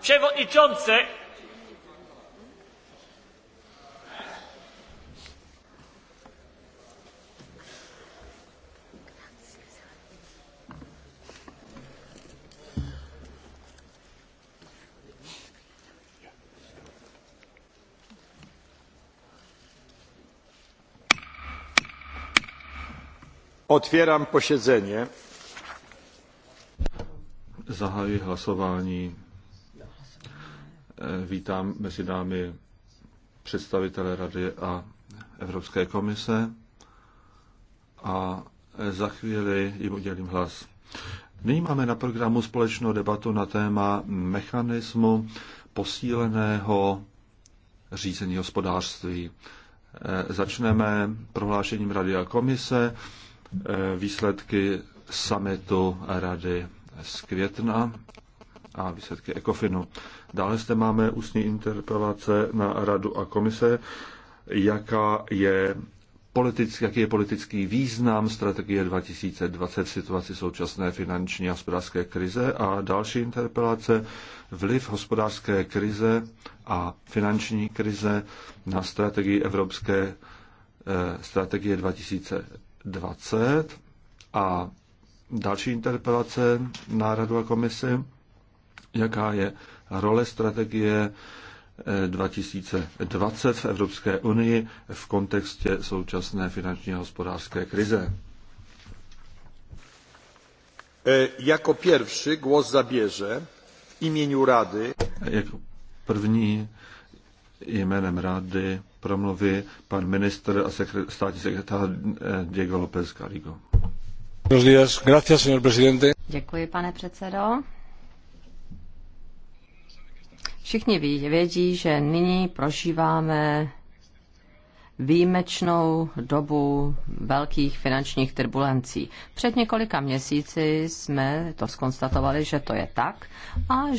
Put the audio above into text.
przewodniczący Otwieram posiedzenie. Zahajuji hlasování. Eh, vítám mezi námi představitele Rady a Evropské komise a eh, za chvíli jim udělím hlas. Nyní máme na programu společnou debatu na téma mechanismu posíleného řízení hospodářství. Eh, začneme prohlášením Rady a komise, výsledky summitu Rady z května a výsledky ECOFINu. Dále zde máme ústní interpelace na radu a komise, jaká je politický, jaký je politický význam strategie 2020 v situaci současné finanční a hospodářské krize a další interpelace vliv hospodářské krize a finanční krize na strategii Evropské eh, strategie 2020 a další interpelace na radu a komisi jaká je role strategie 2020 eh, v Evropské unii v kontextu současné finanční a hospodářské krize. E, jako první głos zabierze v imieniu Rady. Jako první jménem Rady promluví pan minister a sekre, státní sekretář eh, Diego López Garrigo. Děkuji, pane předsedo. Všichni vědí, že nyní prožíváme výjimečnou dobu velkých finančních turbulencí. Před několika měsíci jsme to skonstatovali, že to je tak a že